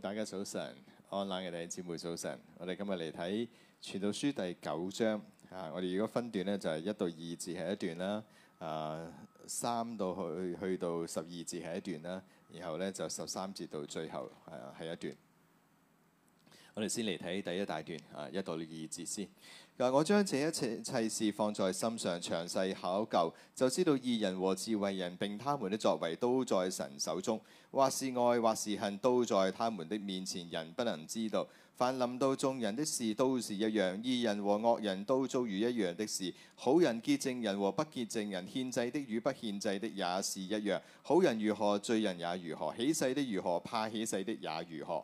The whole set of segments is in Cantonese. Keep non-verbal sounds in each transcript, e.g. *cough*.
大家早晨，安冷嘅弟兄姊妹早晨。我哋今日嚟睇傳道書第九章啊。我哋如果分段咧，就係一到二字係一段啦，啊三到去去到十二字係一段啦，然後咧就十三字到最後係啊係一段。我哋先嚟睇第一大段啊，一到二節先。嗱，我將這一切，切事放在心上，詳細考究，就知道義人和智慧人並他們的作為都在神手中。或是愛，或是恨，都在他們的面前，人不能知道。凡臨到眾人的事都是一樣，義人和惡人都遭遇一樣的事。好人潔淨人和不潔淨人，獻祭的與不獻祭的也是一樣。好人如何，罪人也如何；起誓的如何，怕起誓的也如何。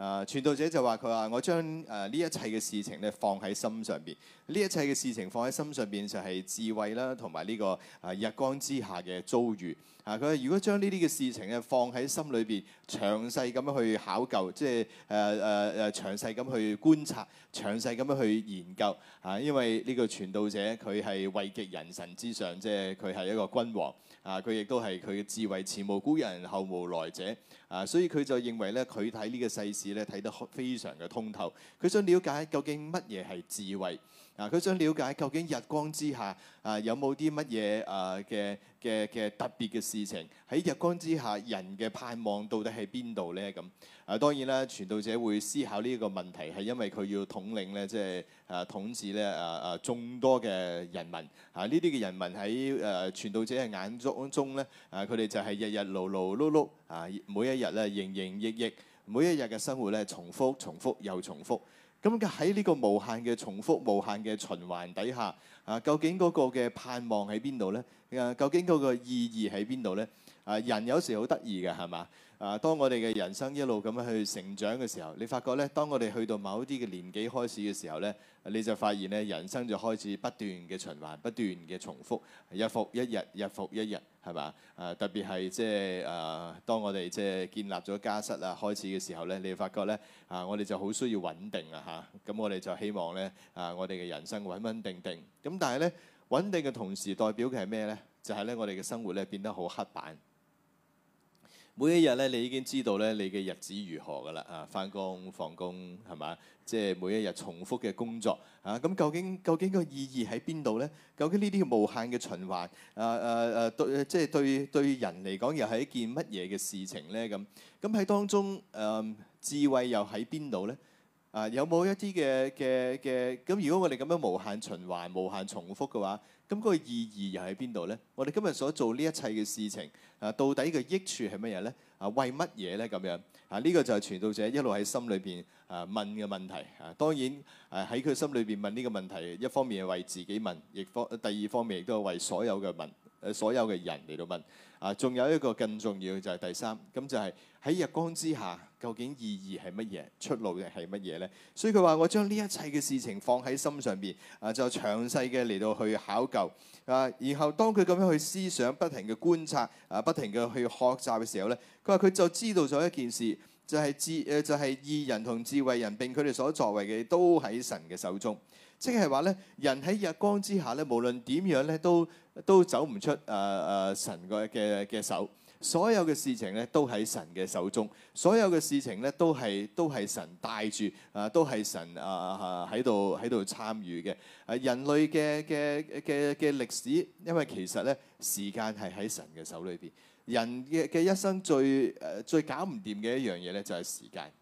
啊！傳道者就話：佢話我將誒呢一切嘅事情咧放喺心上邊，呢一切嘅事情放喺心上邊就係智慧啦，同埋呢個啊日光之下嘅遭遇。啊！佢話如果將呢啲嘅事情咧放喺心裏邊，詳細咁樣去考究，即係誒誒誒詳細咁去觀察，詳細咁樣去研究。啊！因為呢個傳道者佢係位極人神之上，即係佢係一個君王。啊！佢亦都係佢嘅智慧，前無古人，後無來者啊，所以佢就認為咧，佢睇呢個世事咧，睇得非常嘅通透。佢想了解究竟乜嘢係智慧。啊！佢想了解究竟日光之下啊有冇啲乜嘢啊嘅嘅嘅特別嘅事情？喺日光之下人嘅盼望到底喺邊度咧？咁啊，當然啦，傳道者會思考呢個問題，係因為佢要統領咧，即係啊統治咧啊啊眾多嘅人民啊！呢啲嘅人民喺誒、啊、傳道者嘅眼中咧啊，佢哋就係日日勞勞碌碌啊，每一日咧營營役役，每一日嘅生活咧重複重複又重複。咁喺呢個無限嘅重複、無限嘅循環底下，啊，究竟嗰個嘅盼望喺邊度呢？啊，究竟嗰個意義喺邊度呢？啊，人有時好得意嘅，係嘛？啊！當我哋嘅人生一路咁樣去成長嘅時候，你發覺咧，當我哋去到某一啲嘅年紀開始嘅時候咧，你就發現咧，人生就開始不斷嘅循環，不斷嘅重複，日復一日，日復一日，係嘛？啊，特別係即係啊，當我哋即係建立咗家室啦，開始嘅時候咧，你發覺咧啊，我哋就好需要穩定啊吓，咁我哋就希望咧啊，我哋嘅人生穩穩定定。咁、啊、但係咧，穩定嘅同時代表嘅係咩咧？就係、是、咧，我哋嘅生活咧變得好刻板。每一日咧，你已經知道咧，你嘅日子如何噶啦啊！返工放工係咪？即係、就是、每一日重複嘅工作啊！咁究竟究竟個意義喺邊度咧？究竟呢啲無限嘅循環啊啊啊，對，即、就、係、是、對對人嚟講又係一件乜嘢嘅事情咧？咁咁喺當中誒、呃、智慧又喺邊度咧？啊有冇一啲嘅嘅嘅？咁如果我哋咁樣無限循環、無限重複嘅話？咁個意義又喺邊度呢？我哋今日所做呢一切嘅事情，啊，到底嘅益處係乜嘢呢？啊，為乜嘢呢？咁樣啊，呢個就係傳道者一路喺心裏邊啊問嘅問題啊。當然啊，喺佢心裏邊問呢個問題，一方面係為自己問，亦方第二方面亦都係為所有嘅問，誒所有嘅人嚟到問。啊，仲有一個更重要嘅就係、是、第三咁就係喺日光之下究竟意義係乜嘢？出路亦係乜嘢呢？所以佢話：我將呢一切嘅事情放喺心上邊啊，就詳細嘅嚟到去考究啊。然後當佢咁樣去思想、不停嘅觀察啊、不停嘅去學習嘅時候，呢佢話佢就知道咗一件事，就係智誒就係、是、義人同智慧人並佢哋所作為嘅都喺神嘅手中。即係話咧，人喺日光之下咧，無論點樣咧，都都走唔出誒誒神嘅嘅嘅手。所有嘅事情咧，都喺神嘅手中。所有嘅事情咧，都係都係神帶住，誒都係神啊啊喺度喺度參與嘅。誒，人類嘅嘅嘅嘅歷史，因為其實咧，時間係喺神嘅手裏邊。人嘅嘅一生最誒最搞唔掂嘅一樣嘢咧，就係時間。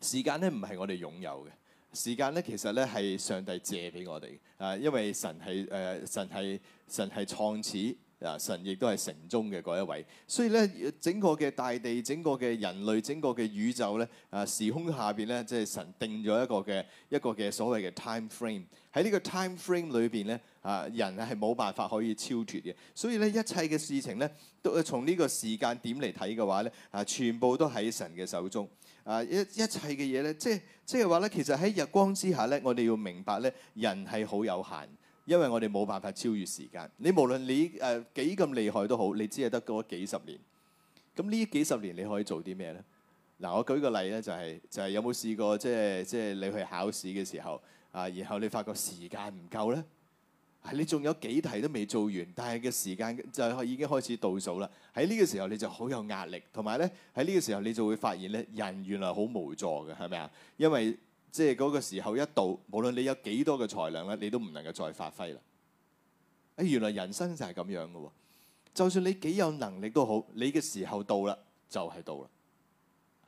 時間咧，唔係我哋擁有嘅。時間咧，其實咧，係上帝借俾我哋嘅，啊，因為神係誒、呃、神係神係創始，啊，神亦都係成終嘅嗰一位，所以咧，整個嘅大地、整個嘅人類、整個嘅宇宙咧，啊，時空下邊咧，即係神定咗一個嘅一個嘅所謂嘅 time frame。喺呢個 time frame 裏邊咧，啊，人係冇辦法可以超脫嘅，所以咧，一切嘅事情咧，都從呢個時間點嚟睇嘅話咧，啊，全部都喺神嘅手中。啊，一一切嘅嘢咧，即即係話咧，其實喺日光之下咧，我哋要明白咧，人係好有限，因為我哋冇辦法超越時間。你無論你誒幾咁厲害都好，你只係得嗰幾十年。咁呢幾十年你可以做啲咩咧？嗱，我舉個例咧，就係就係有冇試過即係即係你去考試嘅時候啊，然後你發覺時間唔夠咧？係你仲有幾題都未做完，但係嘅時間就係已經開始倒數啦。喺呢個時候你就好有壓力，同埋咧喺呢個時候你就會發現咧人原來好無助嘅，係咪啊？因為即係嗰個時候一到，無論你有幾多嘅才能咧，你都唔能夠再發揮啦。哎，原來人生就係咁樣嘅喎。就算你幾有能力都好，你嘅時候到啦，就係到啦。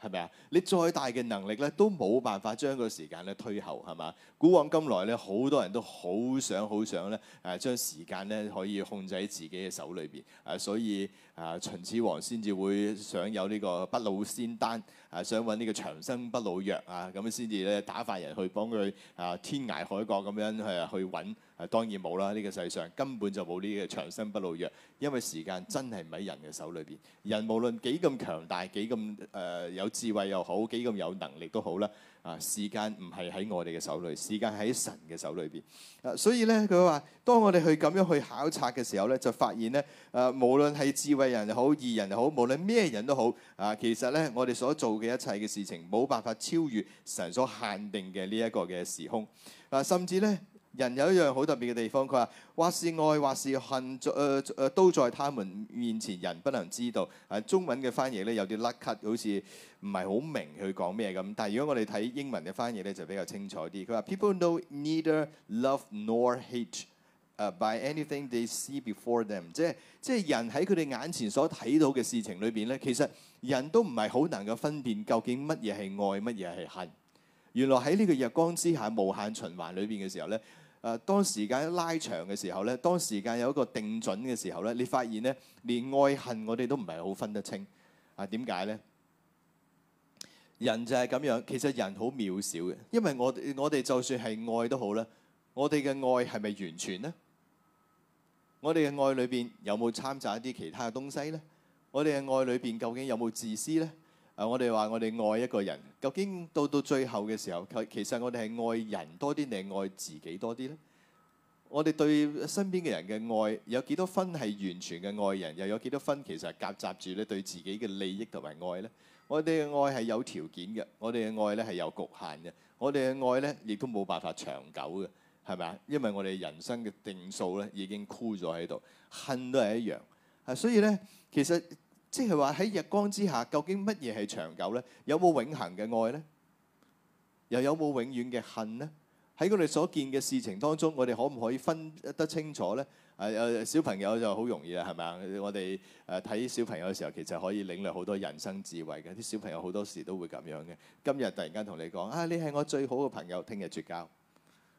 係咪啊？你再大嘅能力咧，都冇辦法將個時間咧推後，係嘛？古往今來咧，好多人都好想好想咧，誒將時間咧可以控制喺自己嘅手裏邊，誒所以誒秦始皇先至會想有呢個不老仙丹。係想揾呢個長生不老藥啊，咁樣先至咧打發人去幫佢啊天涯海角咁樣去去揾，係、啊、當然冇啦！呢、呢個世上根本就冇呢個長生不老藥，因為時間真係唔喺人嘅手裏邊。人無論幾咁強大，幾咁誒有智慧又好，幾咁有能力都好啦。啊！時間唔係喺我哋嘅手裏，時間喺神嘅手裏邊。啊，所以咧，佢話：當我哋去咁樣去考察嘅時候咧，就發現咧，誒、啊，無論係智慧人又好，義人又好，無論咩人都好，啊，其實咧，我哋所做嘅一切嘅事情，冇辦法超越神所限定嘅呢一個嘅時空。啊，甚至咧。人有一樣好特別嘅地方，佢話：或是愛，或是恨，誒、呃、誒，都在他們面前。人不能知道。誒、啊，中文嘅翻譯咧有啲甩咳，好似唔係好明佢講咩咁。但係如果我哋睇英文嘅翻譯咧，就比較清楚啲。佢話：People know neither love nor hate, by anything they see before them。即係即係人喺佢哋眼前所睇到嘅事情裏邊咧，其實人都唔係好能夠分辨究竟乜嘢係愛，乜嘢係恨。原來喺呢個日光之下無限循環裏邊嘅時候咧。誒，當時間拉長嘅時候咧，當時間有一個定準嘅時候咧，你發現咧，連愛恨我哋都唔係好分得清啊？點解咧？人就係咁樣，其實人好渺小嘅，因為我哋我哋就算係愛都好啦，我哋嘅愛係咪完全咧？我哋嘅愛裏邊有冇摻雜一啲其他嘅東西咧？我哋嘅愛裏邊究竟有冇自私咧？啊！我哋話我哋愛一個人，究竟到到最後嘅時候，其實我哋係愛人多啲定係愛自己多啲咧？我哋對身邊嘅人嘅愛有幾多分係完全嘅愛人，又有幾多分其實夾雜住咧對自己嘅利益同埋愛咧？我哋嘅愛係有條件嘅，我哋嘅愛咧係有局限嘅，我哋嘅愛咧亦都冇辦法長久嘅，係咪啊？因為我哋人生嘅定數咧已經箍咗喺度，恨都係一樣。啊，所以咧其實。即係話喺日光之下，究竟乜嘢係長久呢？有冇永恆嘅愛呢？又有冇永遠嘅恨呢？喺我哋所見嘅事情當中，我哋可唔可以分得清楚呢？誒誒，小朋友就好容易啦，係咪啊？我哋誒睇小朋友嘅時候，其實可以領略好多人生智慧嘅。啲小朋友好多時都會咁樣嘅。今日突然間同你講，啊，你係我最好嘅朋友，聽日絕交。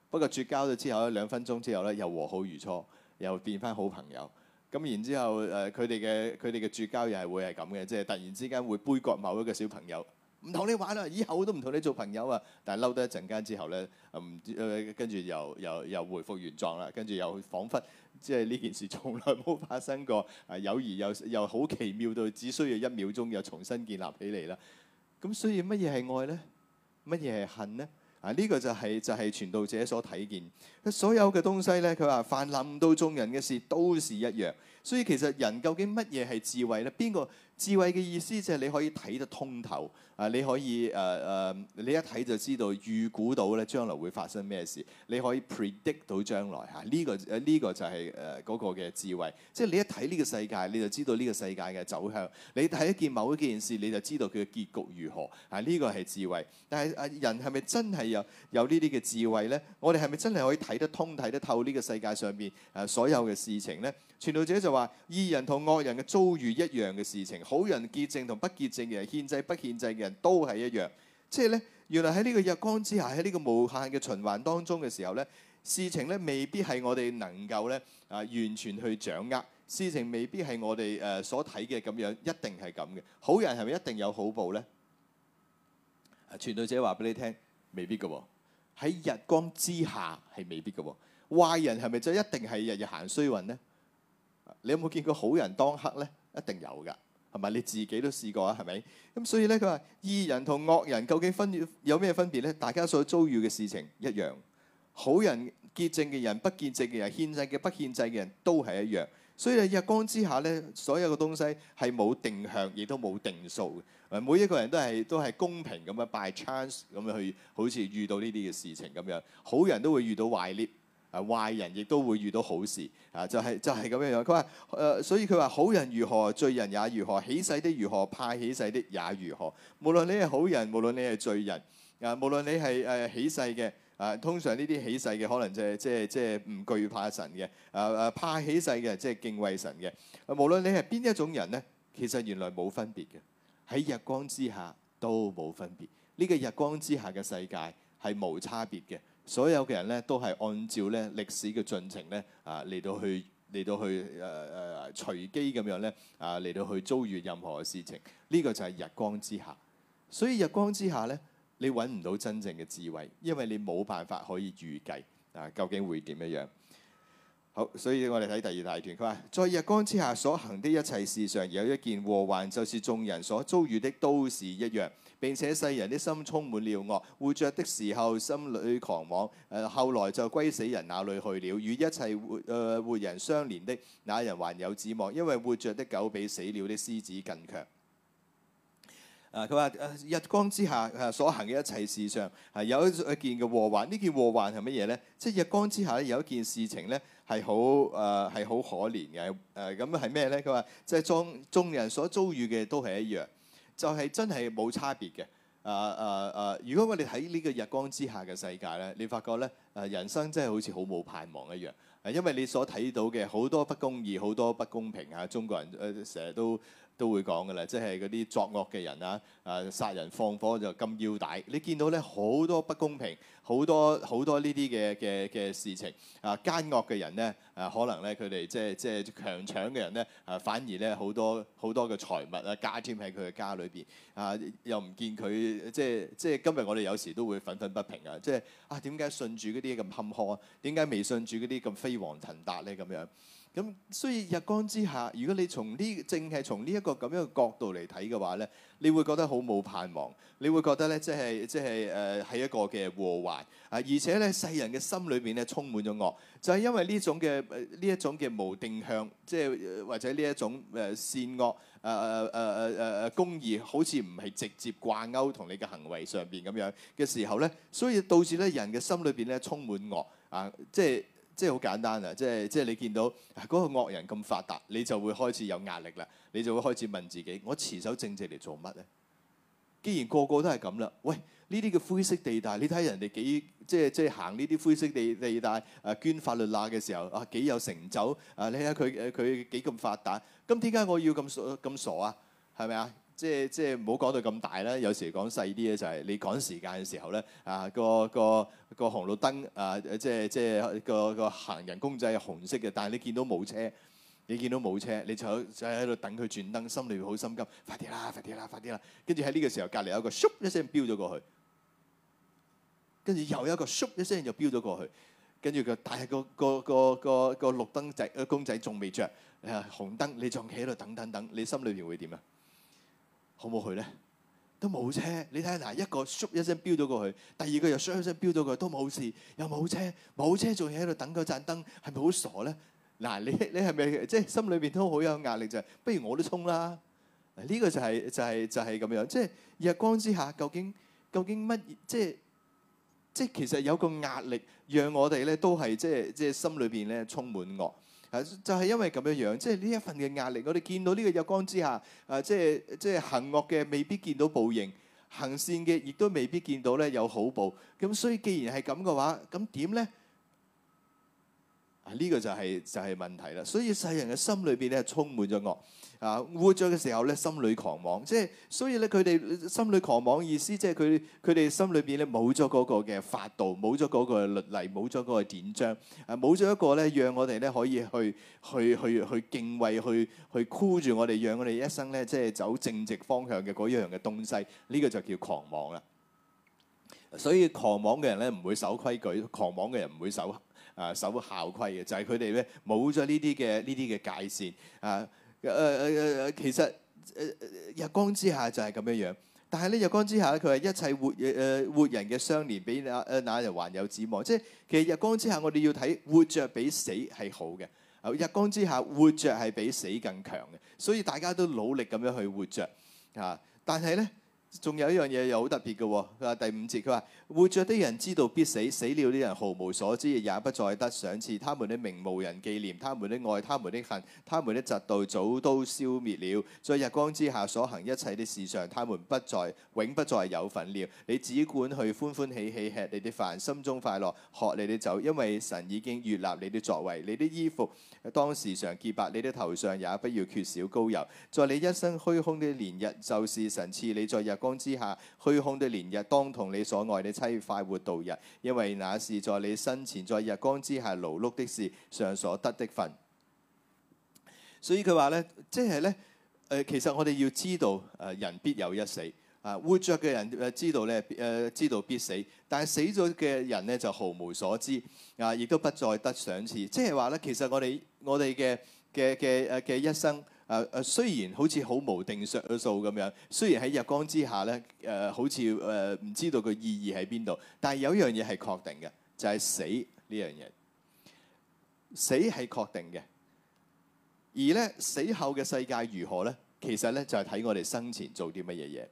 不過絕交咗之後，兩分鐘之後呢，又和好如初，又變翻好朋友。咁然之後，誒佢哋嘅佢哋嘅絕交又係會係咁嘅，即係突然之間會杯葛某一個小朋友，唔同你玩啦、啊，以後都唔同你做朋友啊。但係嬲得一陣間之後咧，唔、嗯、誒，跟、呃、住、呃、又又又，又回復原狀啦，跟住又彷彿即係呢件事從來冇發生過啊。友誼又又好奇妙到只需要一秒鐘，又重新建立起嚟啦。咁所以乜嘢係愛咧？乜嘢係恨咧？啊！呢、這個就係、是、就係、是、傳道者所睇見，所有嘅東西咧，佢話泛濫到眾人嘅事都是一樣，所以其實人究竟乜嘢係智慧咧？邊個？智慧嘅意思就係你可以睇得通透，啊你可以誒誒、呃，你一睇就知道預估到咧將來會發生咩事，你可以 predict 到將來嚇呢、呢個誒呢、呃呢個就係誒嗰個嘅智慧，即係你一睇呢個世界你就知道呢個世界嘅走向，你睇一件某一件事你就知道佢嘅結局如何嚇呢、啊呢個係智慧，但係誒人係咪真係有有呢啲嘅智慧呢？我哋係咪真係可以睇得通、睇得透呢個世界上面誒、啊、所有嘅事情呢？傳道者就話：義人同惡人嘅遭遇一樣嘅事情。好人潔淨同不潔淨嘅人，獻祭不獻祭嘅人都係一樣。即係咧，原來喺呢個日光之下，喺呢個無限嘅循環當中嘅時候咧，事情咧未必係我哋能夠咧啊完全去掌握。事情未必係我哋誒所睇嘅咁樣，一定係咁嘅。好人係咪一定有好報咧？傳道者話俾你聽，未必嘅喎。喺日光之下係未必嘅喎。壞人係咪就一定係日日行衰運咧？你有冇見過好人當黑咧？一定有噶。係咪你自己都試過啊？係咪咁？所以咧，佢話義人同惡人究竟分有咩分別呢？大家所遭遇嘅事情一樣，好人潔淨嘅人，不潔淨嘅人，獻祭嘅，不獻祭嘅人都係一樣。所以日光之下呢，所有嘅東西係冇定向，亦都冇定數。每一個人都係都係公平咁樣，by chance 咁樣去好似遇到呢啲嘅事情咁樣，好人都會遇到壞劣。啊！壞人亦都會遇到好事，啊就係、是、就係咁樣樣。佢話：誒、呃，所以佢話好人如何，罪人也如何；起誓的如何，怕起誓的也如何。無論你係好人，無論你係罪人，啊，無論你係誒、啊、起誓嘅，啊，通常呢啲起誓嘅可能就係即係即係唔懼怕神嘅，啊啊怕起誓嘅即係敬畏神嘅、啊。無論你係邊一種人咧，其實原來冇分別嘅，喺日光之下都冇分別。呢、這個日光之下嘅世界係冇差別嘅。所有嘅人咧，都係按照咧歷史嘅進程咧，啊嚟到去嚟到去誒誒隨機咁樣咧，啊嚟到去遭遇任何嘅事情，呢、這個就係日光之下。所以日光之下咧，你搵唔到真正嘅智慧，因為你冇辦法可以預計啊究竟會點樣。好，所以我哋睇第二大段，佢話在日光之下所行的一切事上有一件禍患，就是眾人所遭遇的都是一樣。並且世人的心充滿了惡，活着的時候心裏狂妄，誒、呃、後來就歸死人那裡去了。與一切活誒、呃、活人相連的那人還有指望，因為活着的狗比死了的獅子更強。啊，佢話、啊、日光之下所行嘅一切事上係、啊、有一件嘅禍患，呢件禍患係乜嘢呢？即係日光之下有一件事情呢。係好，誒係好可憐嘅，誒咁係咩咧？佢、呃、話即係眾眾人所遭遇嘅都係一樣，就係、是、真係冇差別嘅誒誒誒。如果我哋睇呢個日光之下嘅世界咧，你發覺咧誒、呃、人生真係好似好冇盼望一樣，因為你所睇到嘅好多不公義、好多不公平啊！中國人誒成日都都會講嘅啦，即係嗰啲作惡嘅人啊，誒殺人放火就金腰帶。你見到咧好多不公平，好多好多呢啲嘅嘅嘅事情啊，奸惡嘅人咧，誒、啊、可能咧佢哋即係即係強搶嘅人咧，誒、啊、反而咧好多好多嘅財物啊，加添喺佢嘅家裏邊啊，又唔見佢即係即係今日我哋有時都會憤憤不平啊，即係啊點解信住嗰啲咁坎坷啊？點解未信住嗰啲咁飛黃騰達咧咁樣？咁、嗯、所以日光之下，如果你從呢正係從呢一個咁樣嘅角度嚟睇嘅話咧，你會覺得好冇盼望，你會覺得咧即係即係誒係一個嘅禍患啊，而且咧世人嘅心裏邊咧充滿咗惡，就係、是、因為呢種嘅呢一種嘅無定向，即係或者呢一種誒善惡誒誒誒誒誒公義，好似唔係直接掛鈎同你嘅行為上邊咁樣嘅時候咧，所以導致咧人嘅心裏邊咧充滿惡啊，即係。即係好簡單啊！即係即係你見到嗱嗰個惡人咁發達，你就會開始有壓力啦。你就會開始問自己：我持守正直嚟做乜咧？既然個個都係咁啦，喂呢啲嘅灰色地帶，你睇人哋幾即係即係行呢啲灰色地地帶啊，捐法律罅嘅時候啊，幾有成就啊！你睇下佢佢幾咁發達，咁點解我要咁傻咁傻啊？係咪啊？即係即係，唔好講到咁大啦。有時講細啲嘅，就係你趕時間嘅時候咧，啊個個個紅綠燈啊，即係即係個個行人公仔係紅色嘅，但係你見到冇車，你見到冇車，你就就喺度等佢轉燈，心裏面好心急，快啲啦，快啲啦，快啲啦。跟住喺呢個時候，隔離有個咻一聲飆咗過去，跟住又有一個咻一聲就飆咗過去，跟住佢但係個個個個個綠燈仔個公仔仲未著啊紅燈，你仲企喺度等等等，你心裏面會點啊？好冇去咧？都冇車，你睇下，嗱，一個咻一聲飆咗過去，第二個又咻一聲飆到過去，都冇事，又冇車，冇車仲要喺度等嗰盞燈，係咪好傻咧？嗱，你你係咪即係心裏邊都好有壓力？就係不如我都衝啦！嗱，呢個就係就係就係咁樣，即係日光之下究竟究竟乜？即係即係其實有個壓力，讓我哋咧都係即係即係心裏邊咧充滿惡。就係因為咁樣樣，即係呢一份嘅壓力，我哋見到呢個日光之下，啊、呃，即係即係行惡嘅未必見到報應，行善嘅亦都未必見到咧有好報。咁所以既然係咁嘅話，咁點呢？呢個就係、是、就係、是、問題啦，所以世人嘅心裏邊咧充滿咗惡，啊活着嘅時候咧心裏狂妄，即係所以咧佢哋心裏狂妄意思，即係佢佢哋心裏邊咧冇咗嗰個嘅法度，冇咗嗰個律例，冇咗嗰個典章，啊冇咗一個咧讓我哋咧可以去去去去，去敬畏，去去箍住我哋，讓我哋一生咧即係走正直方向嘅嗰樣嘅東西，呢、這個就叫狂妄啦。所以狂妄嘅人咧，唔會守規矩；狂妄嘅人唔會守啊守校規嘅，就係佢哋咧冇咗呢啲嘅呢啲嘅界線啊！誒誒誒，其實、呃、日光之下就係咁樣樣。但係咧，日光之下咧，佢係一切活誒、呃、活人嘅相連，比那那日還有指望。即、就、係、是、其實日光之下，我哋要睇活着比死係好嘅、呃。日光之下，活着係比死更強嘅。所以大家都努力咁樣去活着。啊！但係咧。仲有一樣嘢又好特別嘅喎，佢話第五節佢話，佢話。活着的人知道必死，死了的人毫無所知，也不再得賞賜。他們的名無人紀念，他們的愛，他們的恨，他們的嫉妒早都消滅了。在日光之下所行一切的事上，他們不再、永不再有份了。你只管去歡歡喜喜吃，吃你的飯，心中快樂，喝你的酒，因為神已經悅納你的作為，你的衣服當時常潔白，你的頭上也不要缺少膏油。在你一生虛空的年日，就是神賜你在日光之下虛空的年日，當同你所愛的。你妻快活度日，因為那是在你生前在日光之下勞碌的事上所得的分。所以佢話咧，即係咧誒，其實我哋要知道誒、呃，人必有一死啊、呃，活着嘅人誒，知道咧誒、呃，知道必死，但係死咗嘅人咧就毫無所知啊，亦、呃、都不再得賞賜。即係話咧，其實我哋我哋嘅嘅嘅誒嘅一生。誒誒，uh, uh, 雖然好似好無定數數咁樣，雖然喺日光之下咧，誒、uh, 好似誒唔知道個意義喺邊度，但係有一樣嘢係確定嘅，就係、是、死呢樣嘢。死係確定嘅，而咧死後嘅世界如何咧？其實咧就係、是、睇我哋生前做啲乜嘢嘢。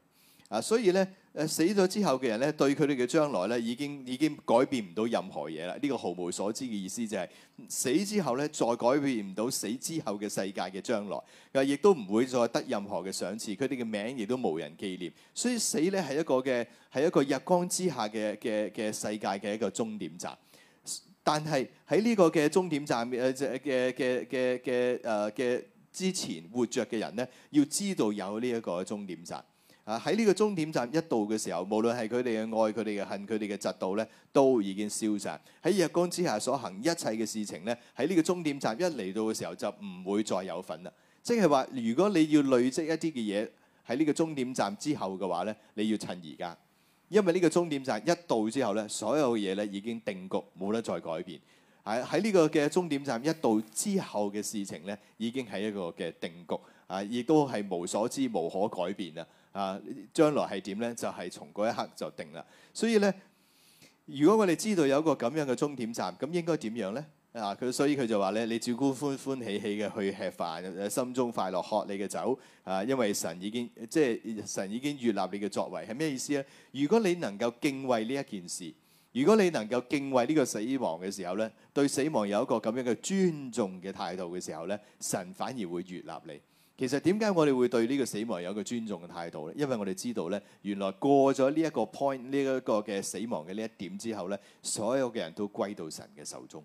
啊，所以咧，誒、啊、死咗之後嘅人咧，對佢哋嘅將來咧，已經已經改變唔到任何嘢啦。呢、這個毫無所知嘅意思就係、是、死之後咧，再改變唔到死之後嘅世界嘅將來，啊，亦都唔會再得任何嘅賞賜，佢哋嘅名亦都無人紀念。所以死咧係一個嘅係一個日光之下嘅嘅嘅世界嘅一個終點站。但係喺呢個嘅終點站嘅嘅嘅嘅嘅嘅之前，活着嘅人咧要知道有呢一個終點站。啊！喺呢個終點站一到嘅時候，無論係佢哋嘅愛、佢哋嘅恨、佢哋嘅嫉妒咧，都已經消散。喺日光之下所行一切嘅事情咧，喺呢個終點站一嚟到嘅時候，就唔會再有份啦。即係話，如果你要累積一啲嘅嘢喺呢個終點站之後嘅話咧，你要趁而家，因為呢個終點站一到之後咧，所有嘢咧已經定局，冇得再改變。喺喺呢個嘅終點站一到之後嘅事情咧，已經係一個嘅定局啊，亦都係無所知、無可改變啊。啊！將來係點咧？就係從嗰一刻就定啦。所以咧，如果我哋知道有一個咁樣嘅終點站，咁應該點樣咧？啊！佢所以佢就話咧，你只顧歡歡喜喜嘅去吃飯，心中快樂，喝你嘅酒。啊！因為神已經即係神已經悅納你嘅作為，係咩意思咧？如果你能夠敬畏呢一件事，如果你能夠敬畏呢個死亡嘅時候咧，對死亡有一個咁樣嘅尊重嘅態度嘅時候咧，神反而會悅納你。其實點解我哋會對呢個死亡有個尊重嘅態度咧？因為我哋知道咧，原來過咗呢一個 point，呢一個嘅死亡嘅呢一點之後咧，所有嘅人都歸到神嘅手中。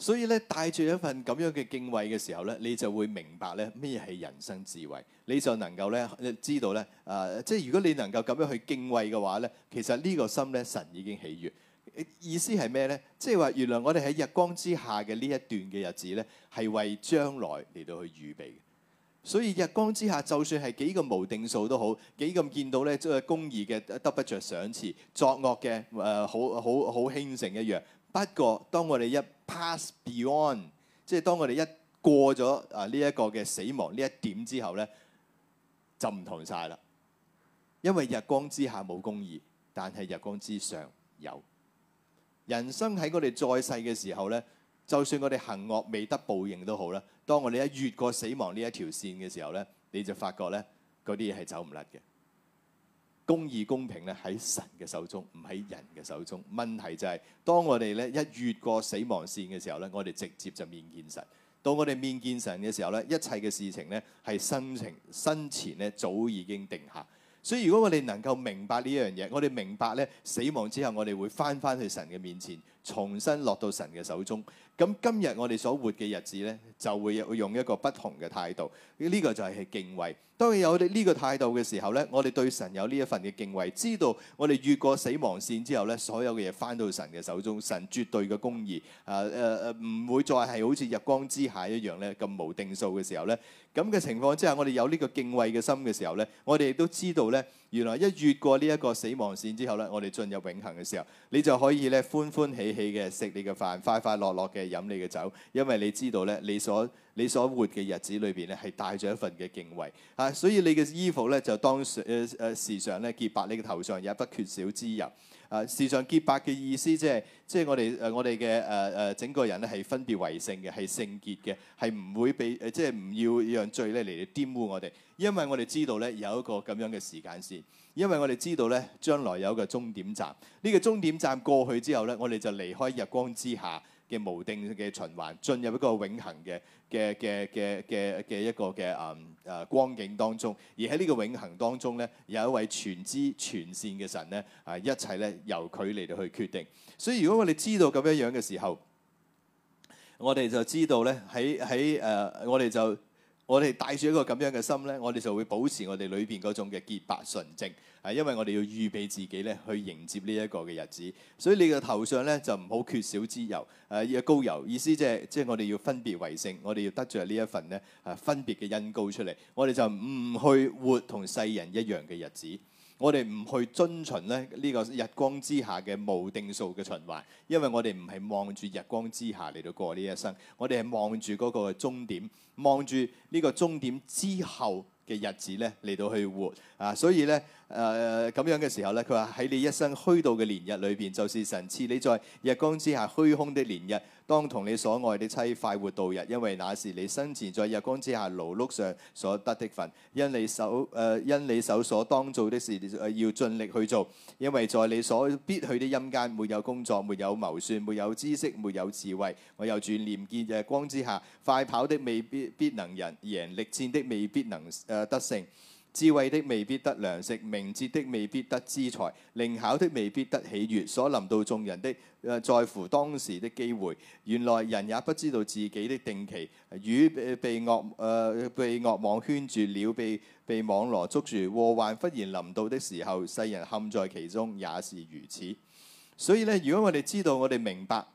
所以咧，帶住一份咁樣嘅敬畏嘅時候咧，你就會明白咧咩係人生智慧，你就能夠咧知道咧，啊、呃，即係如果你能夠咁樣去敬畏嘅話咧，其實呢個心咧，神已經喜悅。意思係咩呢？即係話原來我哋喺日光之下嘅呢一段嘅日子呢，係為將來嚟到去預備。所以日光之下，就算係幾個無定數都好，幾咁見到呢，咧誒公義嘅得不着賞賜，作惡嘅誒好好好，好興盛一樣。不過當我哋一 pass beyond，即係當我哋一過咗啊呢一個嘅死亡呢一點之後呢，就唔同晒啦。因為日光之下冇公義，但係日光之上有。人生喺我哋在世嘅時候呢，就算我哋行惡未得報應都好啦。當我哋一越過死亡呢一條線嘅時候呢，你就發覺呢嗰啲嘢係走唔甩嘅。公義、公平咧喺神嘅手中，唔喺人嘅手中。問題就係當我哋咧一越過死亡線嘅時候呢，我哋直接就面見神。當我哋面見神嘅時候呢，一切嘅事情呢，係生前生前咧早已經定下。所以如果我哋能夠明白呢一樣嘢，我哋明白咧死亡之後，我哋會翻返去神嘅面前，重新落到神嘅手中。咁今日我哋所活嘅日子咧，就會會用一個不同嘅態度，呢個就係係敬畏。當有我哋呢個態度嘅時候咧，我哋對神有呢一份嘅敬畏，知道我哋越過死亡線之後咧，所有嘅嘢翻到神嘅手中，神絕對嘅公義，誒誒誒，唔會再係好似日光之下一樣咧，咁無定數嘅時候咧，咁嘅情況之下，我哋有呢個敬畏嘅心嘅時候咧，我哋亦都知道咧。原來一越過呢一個死亡線之後咧，我哋進入永恆嘅時候，你就可以咧歡歡喜喜嘅食你嘅飯，快快樂樂嘅飲你嘅酒，因為你知道咧，你所你所活嘅日子裏邊咧係帶著一份嘅敬畏啊，所以你嘅衣服咧就當誒誒、呃、時常咧潔白，你嘅頭上也不缺少膏油啊。時常潔白嘅意思即係即係我哋誒、呃、我哋嘅誒誒整個人咧係分別為聖嘅，係聖潔嘅，係唔會被誒即係唔要讓罪咧嚟玷污我哋。因為我哋知道咧有一個咁樣嘅時間線，因為我哋知道咧將來有一個終點站。呢、呢個終點站過去之後咧，我哋就離開日光之下嘅無定嘅循環，進入一個永恆嘅嘅嘅嘅嘅嘅一個嘅誒誒光景當中。而喺呢個永恆當中咧，有一位全知全善嘅神咧啊，一切咧由佢嚟到去決定。所以如果我哋知道咁樣樣嘅時候，我哋就知道咧喺喺誒，我哋就。我哋帶住一個咁樣嘅心咧，我哋就會保持我哋裏邊嗰種嘅潔白純正。啊，因為我哋要預備自己咧去迎接呢一個嘅日子，所以你嘅頭上咧就唔好缺少脂油，啊，要膏油，意思即係即係我哋要分別為聖，我哋要得著呢一份咧啊分別嘅恩膏出嚟，我哋就唔去活同世人一樣嘅日子。我哋唔去遵循呢、這個日光之下嘅無定數嘅循環，因為我哋唔係望住日光之下嚟到過呢一生，我哋係望住嗰個終點，望住呢個終點之後嘅日子呢嚟到去活啊，所以呢。誒咁、呃、樣嘅時候呢，佢話喺你一生虛度嘅年日裏邊，就是神賜你在日光之下虛空的年日，當同你所愛的妻快活度日，因為那是你生前在日光之下勞碌上所得的份。因你手誒、呃，因你手所當做的事、呃、要盡力去做，因為在你所必去的陰間，沒有工作，沒有謀算，沒有知識，沒有智慧。我又轉念見日光之下，快跑的未必必能人贏，贏力戰的未必能誒、呃、得勝。智慧的未必得糧食，明哲的未必得資財，靈巧的未必得喜悅。所臨到眾人的，誒、呃、在乎當時的機會。原來人也不知道自己的定期。魚、呃、被惡誒、呃、被惡網圈住，鳥被被網羅捉住，禍患忽然臨到的時候，世人陷在其中，也是如此。所以呢，如果我哋知道，我哋明白。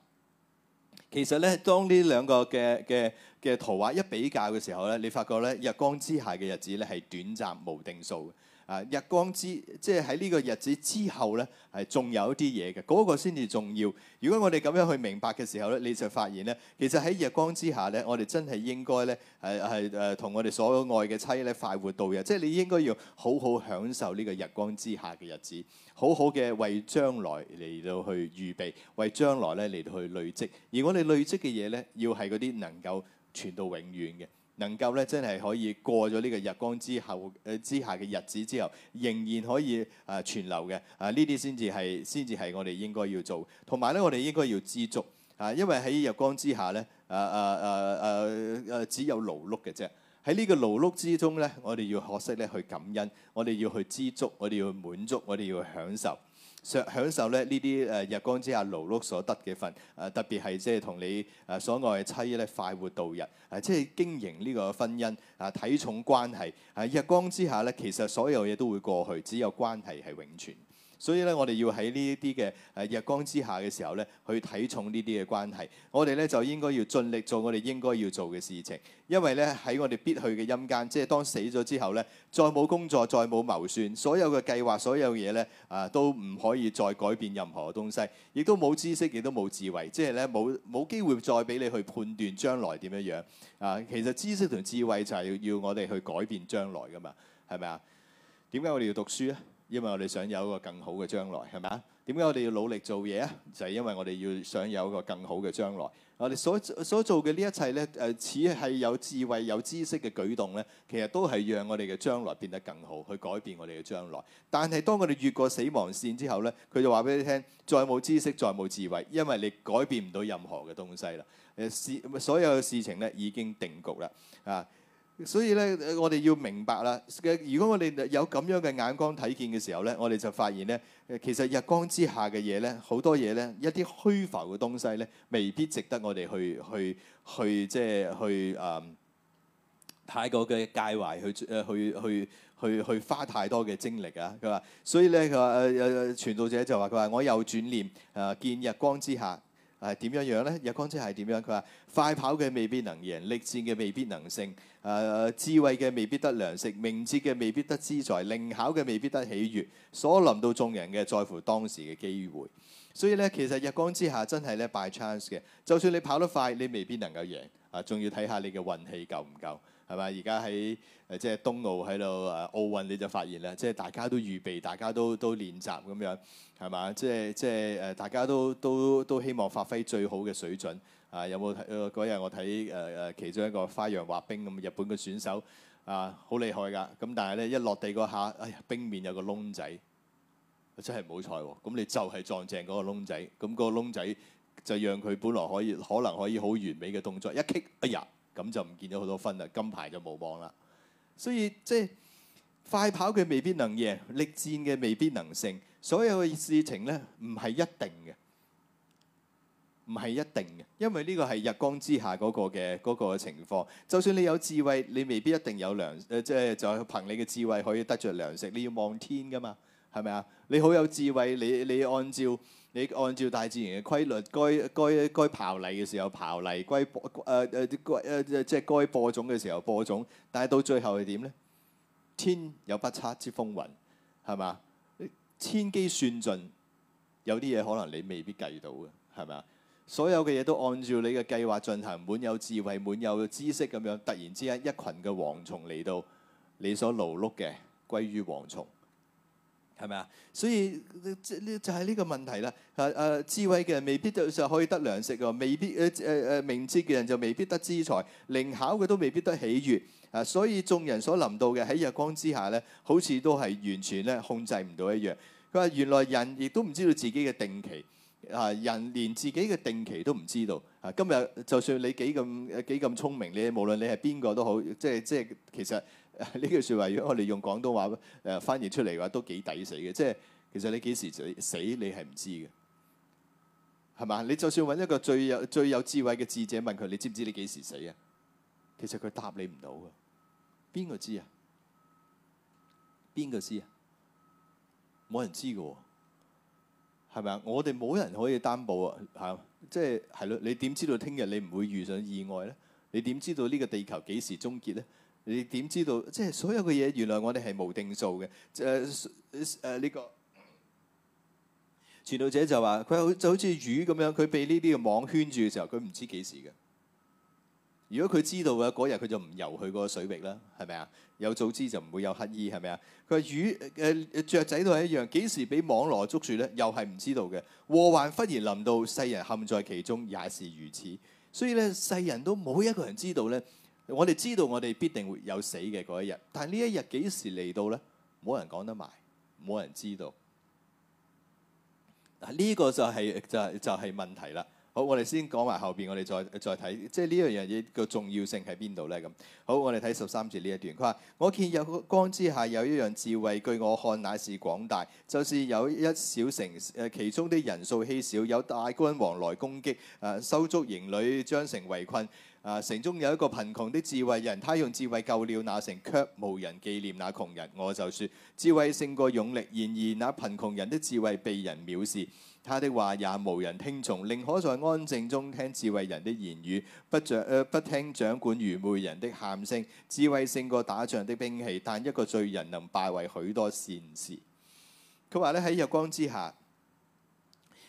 其實咧，當呢兩個嘅嘅嘅圖畫一比較嘅時候咧，你發覺咧，日光之下嘅日子咧係短暫無定數嘅。啊！日光之即係喺呢個日子之後咧，係仲有一啲嘢嘅，嗰、這個先至重要。如果我哋咁樣去明白嘅時候咧，你就發現咧，其實喺日光之下咧，我哋真係應該咧，係係誒同我哋所有愛嘅妻咧快活度日，即係你應該要好好享受呢個日光之下嘅日子，好好嘅為將來嚟到去預備，為將來咧嚟到去累積。而我哋累積嘅嘢咧，要係嗰啲能夠傳到永遠嘅。能夠咧真係可以過咗呢個日光之後誒之下嘅日子之後，仍然可以誒存留嘅啊！呢啲先至係先至係我哋應該要做，同埋咧我哋應該要知足啊！因為喺日光之下咧誒誒誒誒誒只有勞碌嘅啫。喺呢個勞碌之中咧，我哋要學識咧去感恩，我哋要去知足，我哋要去滿足，我哋要享受。享受呢啲誒日光之下勞碌所得嘅份誒，特別係即係同你誒所愛嘅妻咧快活度日誒，啊，即係經營呢個婚姻啊，睇重關係喺，啊、日光之下咧，其實所有嘢都會過去，只有關係係永存。所以咧，我哋要喺呢一啲嘅誒日光之下嘅時候咧，去睇重呢啲嘅關係。我哋咧就應該要盡力做我哋應該要做嘅事情，因為咧喺我哋必去嘅陰間，即係當死咗之後咧，再冇工作，再冇謀算，所有嘅計劃，所有嘢咧啊，都唔可以再改變任何東西，亦都冇知識，亦都冇智慧，即係咧冇冇機會再俾你去判斷將來點樣樣。啊！其實知識同智慧就係要我哋去改變將來噶嘛，係咪啊？點解我哋要讀書咧？因為我哋想有一個更好嘅將來，係咪啊？點解我哋要努力做嘢啊？就係因為我哋要想有一個更好嘅將來。我哋所所做嘅呢一切咧，誒似係有智慧、有知識嘅舉動咧，其實都係讓我哋嘅將來變得更好，去改變我哋嘅將來。但係當我哋越過死亡線之後咧，佢就話俾你聽：再冇知識，再冇智慧，因為你改變唔到任何嘅東西啦。誒所有嘅事情咧，已經定局啦。啊！所以咧，我哋要明白啦嘅。如果我哋有咁樣嘅眼光睇見嘅時候咧，我哋就發現咧，誒其實日光之下嘅嘢咧，好多嘢咧，一啲虛浮嘅東西咧，未必值得我哋去去去，即係去誒太過嘅介懷去誒去去去去，去，去花太多嘅精力啊。佢話，所以咧，佢話誒誒傳道者就話佢話，我又轉念誒見日光之下係點樣樣咧？日光之下係點樣？佢話快跑嘅未必能贏，力戰嘅未必能勝。誒、呃、智慧嘅未必得糧食，明智嘅未必得資財，靈巧嘅未必得喜悅。所臨到眾人嘅，在乎當時嘅機會。所以咧，其實日光之下真係咧，by chance 嘅。就算你跑得快，你未必能夠贏。啊，仲要睇下你嘅運氣夠唔夠，係咪？而家喺誒即係冬奧喺度誒奧運，呃、你就發現啦，即係大家都預備，大家都都練習咁樣，係嘛？即係即係誒、呃，大家都都都希望發揮最好嘅水準。啊，有冇睇？嗰、啊、日我睇誒誒，其中一個花樣滑冰咁、啊，日本嘅選手啊，好厲害㗎。咁但係咧，一落地嗰下哎、啊那那可可，哎呀，冰面有個窿仔，真係唔好彩喎。咁你就係撞正嗰個窿仔，咁嗰個窿仔就讓佢本來可以可能可以好完美嘅動作一 kick 哎呀，咁就唔見咗好多分啦，金牌就冇望啦。所以即係、就是、快跑佢未必能贏，力戰嘅未必能勝，所有嘅事情咧唔係一定嘅。唔係一定嘅，因為呢個係日光之下嗰個嘅嗰、嗰個情況。就算你有智慧，你未必一定有糧。誒、呃，即、就、係、係、就憑你嘅智慧可以得着糧食，你要望天㗎嘛？係咪啊？你好有智慧，你你按照你按照大自然嘅規律，該該該刨泥嘅時候刨泥，該播誒誒即係該播種嘅時候播種。但係到最後係點咧？天有不測之風雲，係咪？千機算盡，有啲嘢可能你未必計到嘅，係咪啊？所有嘅嘢都按照你嘅計劃進行，滿有智慧、滿有知識咁樣。突然之間，一群嘅蝗蟲嚟到你所勞碌嘅，歸於蝗蟲，係咪啊？所以即係就係呢個問題啦。誒誒，智慧嘅人未必就可以得糧食喎，未必誒誒誒，明智嘅人就未必得資財，靈巧嘅都未必得喜悅。啊，所以眾人所臨到嘅喺日光之下咧，好似都係完全咧控制唔到一樣。佢話原來人亦都唔知道自己嘅定期。啊！人連自己嘅定期都唔知道。啊，今日就算你幾咁幾咁聰明，你無論你係邊個都好，即係即係其實呢句説話，如果我哋用廣東話誒翻譯出嚟嘅話，都幾抵死嘅。即係其實你幾時死死你係唔知嘅，係嘛？你就算揾一個最有最有智慧嘅智者問佢，你知唔知你幾時死啊？其實佢答你唔到㗎，邊個知啊？邊個知啊？冇人知㗎喎。係咪啊？我哋冇人可以擔保啊！嚇，即係係咯，你點知道聽日你唔會遇上意外咧？你點知道呢個地球幾時終結咧？你點知道即係、就是、所有嘅嘢原來我哋係無定數嘅？誒誒呢個傳道者就話佢好就好似魚咁樣，佢畀呢啲嘅網圈住嘅時候，佢唔知幾時嘅。如果佢知道嘅嗰日，佢就唔游去嗰個水域啦，係咪啊？有早知就唔會有乞兒，係咪啊？佢話魚誒雀仔都係一樣，幾時俾網羅捉住咧？又係唔知道嘅。禍患忽然臨到，世人陷在其中，也是如此。所以咧，世人都冇一個人知道咧。我哋知道我哋必定會有死嘅嗰一日，但係呢一日幾時嚟到咧？冇人講得埋，冇人知道。啊，呢個就係就係就係問題啦。好，我哋先講埋後邊，我哋再再睇，即係呢一樣嘢個重要性喺邊度呢？咁好，我哋睇十三節呢一段，佢話：我見日光之下有一樣智慧，據我看乃是廣大，就是有一小城，誒其中的人數稀少，有大君王來攻擊，誒、啊、修築營壘將城圍困，啊，城中有一個貧窮的智慧人，他用智慧救了那城，卻無人紀念那窮人。我就説智慧勝過勇力，然而那貧窮人的智慧被人藐視。他的話也無人聽從，寧可在安靜中聽智慧人的言語，不著、呃、不聽掌管愚昧人的喊聲。智慧勝過打仗的兵器，但一個罪人能敗壞許多善事。佢話咧喺日光之下，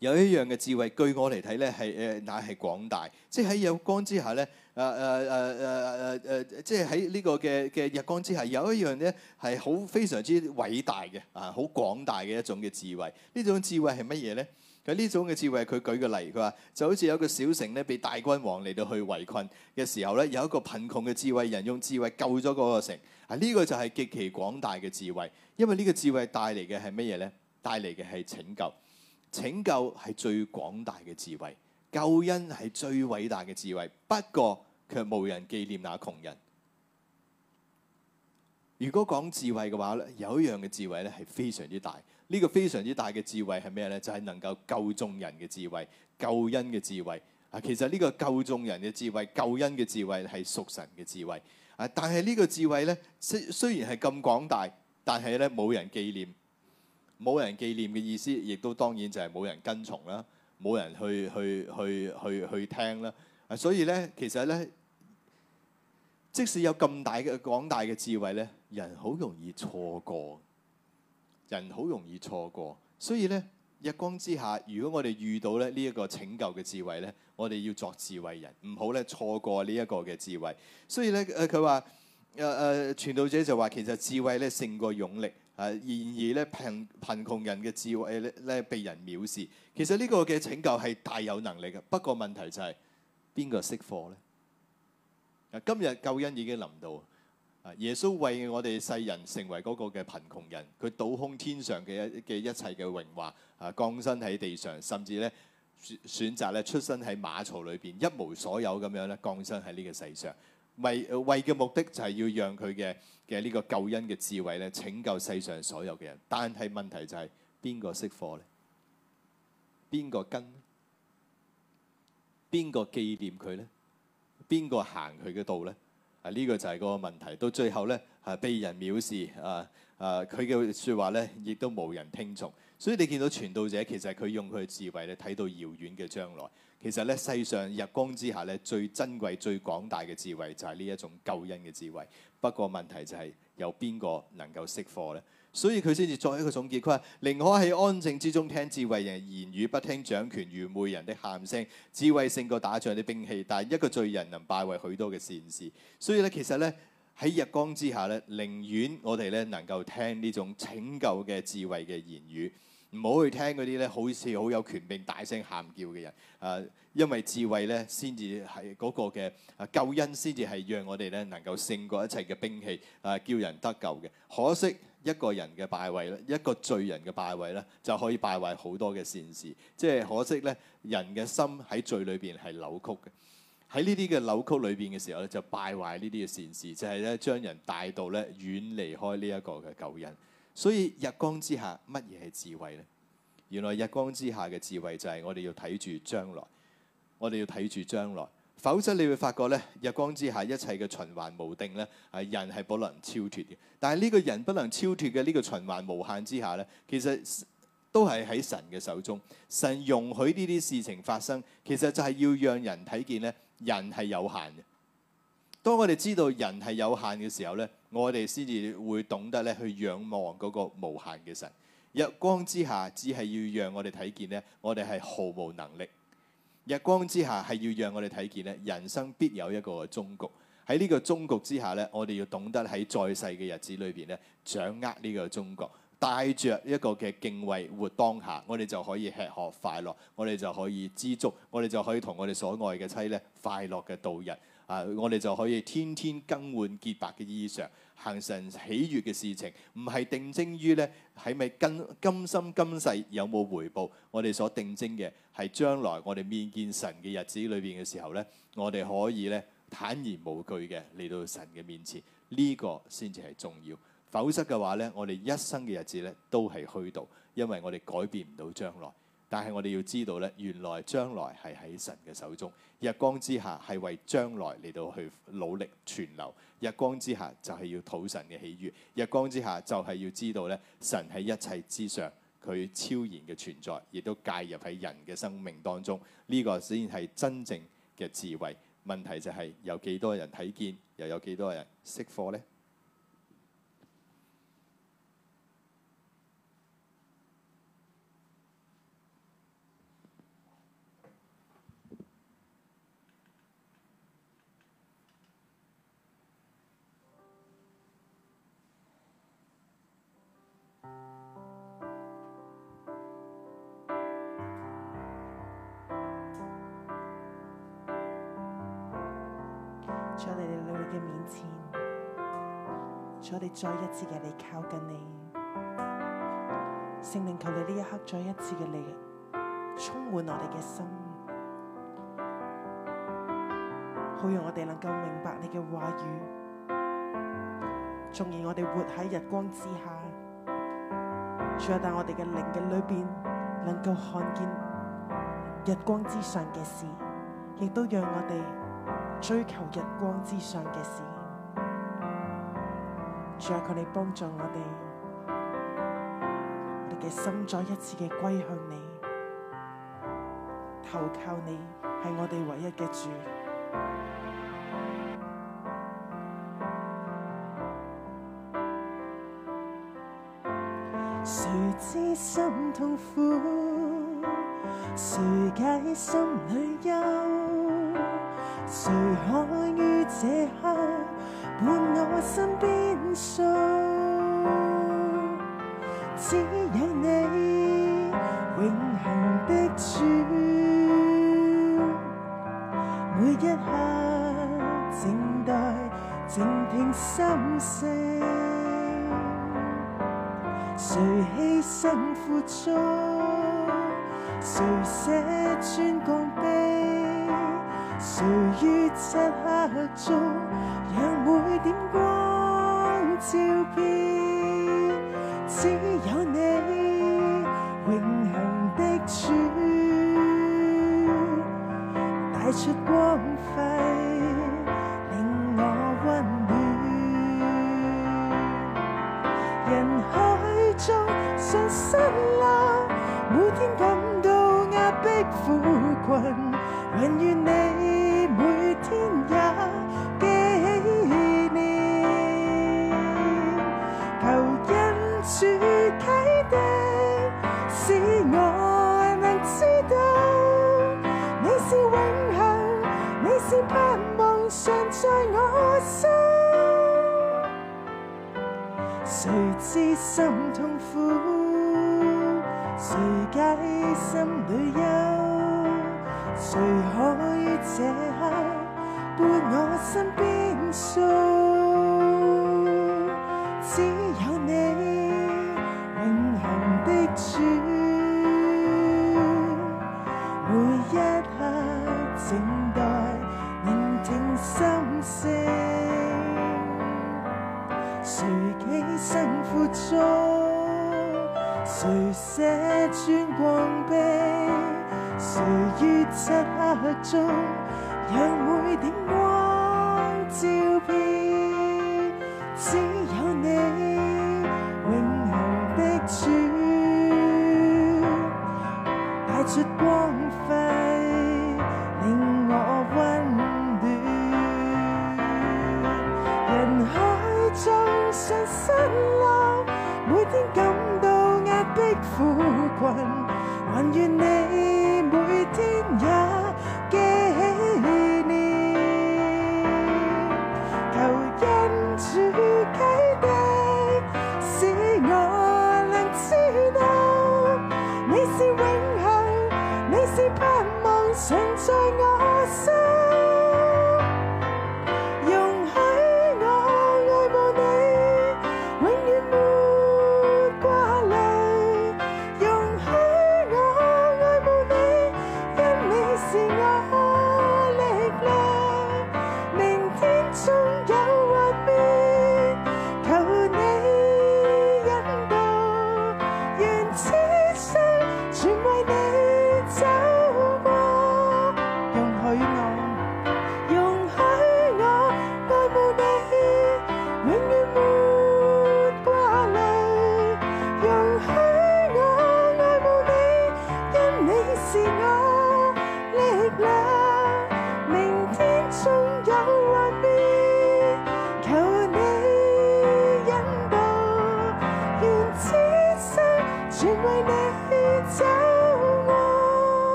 有一樣嘅智慧，據我嚟睇咧係誒，乃係廣大，即係喺日光之下咧。誒誒誒誒誒誒，即係喺呢個嘅嘅日光之下，有一樣咧係好非常之偉大嘅，啊，好廣大嘅一種嘅智慧。呢種智慧係乜嘢咧？佢呢種嘅智慧，佢舉個例，佢話就好似有個小城咧，被大君王嚟到去圍困嘅時候咧，有一個貧窮嘅智慧人用智慧救咗嗰個城。啊，呢個就係極其廣大嘅智慧，因為呢個智慧帶嚟嘅係乜嘢咧？帶嚟嘅係拯救，拯救係最廣大嘅智慧，救恩係最偉大嘅智慧。不過，卻冇人紀念那窮人。如果講智慧嘅話咧，有一樣嘅智慧咧係非常之大。呢個非常之大嘅智慧係咩呢？就係能夠救眾人嘅智慧、救恩嘅智慧。啊，其實呢個救眾人嘅智慧、救恩嘅智慧係屬神嘅智慧。啊，但係呢個智慧呢，雖雖然係咁廣大，但係呢冇人紀念，冇人紀念嘅意思，亦都當然就係冇人跟從啦，冇人去去去去去，去，去聽啦。啊，所以咧，其實咧，即使有咁大嘅廣大嘅智慧咧，人好容易錯過，人好容易錯過。所以咧，日光之下，如果我哋遇到咧呢一個拯救嘅智慧咧，我哋要作智慧人，唔好咧錯過呢一個嘅智慧。所以咧，誒佢話誒誒傳道者就話其實智慧咧勝過勇力啊，然而咧貧貧窮人嘅智慧咧咧被人藐視。其實呢個嘅拯救係大有能力嘅，不過問題就係、係。邊個識貨咧？啊，今日救恩已經臨到，啊，耶穌為我哋世人成為嗰個嘅貧窮人，佢倒空天上嘅一嘅一切嘅榮華，啊，降身喺地上，甚至咧選擇咧出生喺馬槽裏邊，一無所有咁樣咧降身喺呢個世上，為為嘅目的就係要讓佢嘅嘅呢個救恩嘅智慧咧拯救世上所有嘅人，但係問題就係邊個識貨咧？邊個跟？邊個紀念佢呢？邊個行佢嘅道呢？啊，呢、這個就係個問題。到最後呢，係、啊、被人藐視啊！啊，佢嘅説話呢亦都冇人聽從。所以你見到傳道者其實佢用佢嘅智慧咧睇到遙遠嘅將來。其實呢，世上日光之下呢，最珍貴、最廣大嘅智慧就係呢一種救恩嘅智慧。不過問題就係有邊個能夠識貨呢？所以佢先至作一個總結，佢話寧可喺安靜之中聽智慧人言語，不聽掌權愚昧人的喊聲。智慧勝過打仗的兵器，但係一個罪人能敗壞許多嘅善事。所以咧，其實咧喺日光之下咧，寧願我哋咧能夠聽呢種拯救嘅智慧嘅言語，唔好去聽嗰啲咧好似好有權柄大聲喊叫嘅人。誒，因為智慧咧先至係嗰個嘅誒救恩，先至係讓我哋咧能夠勝過一切嘅兵器，誒叫人得救嘅。可惜。一個人嘅敗位，咧，一個罪人嘅敗位，咧，就可以敗壞好多嘅善事。即係可惜咧，人嘅心喺罪裏邊係扭曲嘅。喺呢啲嘅扭曲裏邊嘅時候咧，就敗壞呢啲嘅善事，就係咧將人帶到咧遠離開呢一個嘅救恩。所以日光之下乜嘢係智慧呢？原來日光之下嘅智慧就係我哋要睇住將來，我哋要睇住將來。否則你會發覺咧，日光之下一切嘅循環無定咧，啊，人係不能超脫嘅。但係呢個人不能超脫嘅呢個循環無限之下咧，其實都係喺神嘅手中。神容許呢啲事情發生，其實就係要讓人睇見咧，人係有限嘅。當我哋知道人係有限嘅時候咧，我哋先至會懂得咧去仰望嗰個無限嘅神。日光之下只係要讓我哋睇見咧，我哋係毫無能力。日光之下係要讓我哋睇見咧，人生必有一個終局。喺呢個終局之下咧，我哋要懂得喺在，在世嘅日子裏邊咧，掌握呢個終局，帶著一個嘅敬畏活當下，我哋就可以吃喝快樂，我哋就可以知足，我哋就可以同我哋所愛嘅妻咧快樂嘅度日。啊！我哋就可以天天更換潔白嘅衣裳，行神喜悅嘅事情，唔係定睛於咧係咪今今生今世有冇回報。我哋所定睛嘅係將來我哋面見神嘅日子裏邊嘅時候咧，我哋可以咧坦然無懼嘅嚟到神嘅面前，呢、這個先至係重要。否則嘅話咧，我哋一生嘅日子咧都係虛度，因為我哋改變唔到將來。但係我哋要知道咧，原來將來係喺神嘅手中。日光之下係為將來嚟到去努力存留。日光之下就係要討神嘅喜悅。日光之下就係要知道咧，神喺一切之上，佢超然嘅存在，亦都介入喺人嘅生命當中。呢個先係真正嘅智慧。問題就係有幾多人睇見，又有幾多人識貨呢？再一次嘅你靠近你。聖靈，求你呢一刻再一次嘅你充滿我哋嘅心， *noise* 好讓我哋能夠明白你嘅話語，縱然我哋活喺日光之下，仲有，但我哋嘅靈嘅裏邊能夠看見日光之上嘅事，亦都讓我哋追求日光之上嘅事。主啊，求你幫助我哋，我哋嘅心再一次嘅歸向你，投靠你係我哋唯一嘅主。 *music* 誰知心痛苦，誰解心裏憂，誰可於這刻？伴我身邊雖只有你永恆的主。每一刻靜待，靜聽心聲。誰犧牲付出，誰寫尊崇碑。誰於漆黑中，讓每點光照遍，只有你永恆的主，帶出光輝，令我温暖。人海中常失落，每天感到壓迫苦困，惟願你。只有。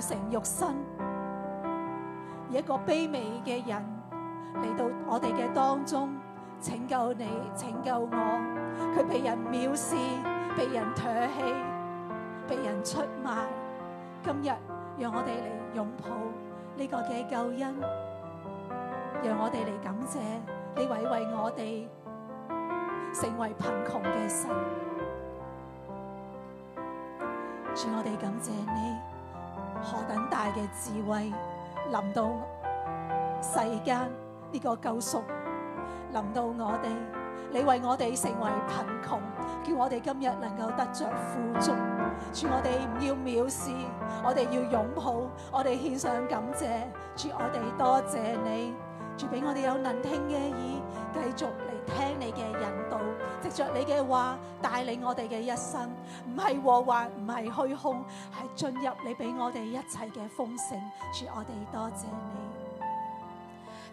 成肉身，以一個卑微嘅人嚟到我哋嘅當中拯救你、拯救我。佢被人藐視、被人唾棄、被人出賣。今日讓我哋嚟擁抱呢個嘅救恩，讓我哋嚟感謝呢位為我哋成為貧窮嘅神。主，我哋感謝你。何等大嘅智慧，臨到世間呢個救贖，臨到我哋，你為我哋成為貧窮，叫我哋今日能夠得着富足，主，我哋唔要藐視，我哋要擁抱，我哋獻上感謝，主，我哋多謝你，主俾我哋有能聽嘅耳，繼續嚟。聽你嘅引導，藉着你嘅話帶領我哋嘅一生，唔係禍患，唔係虛空，係進入你俾我哋一切嘅豐盛。主，我哋多謝你。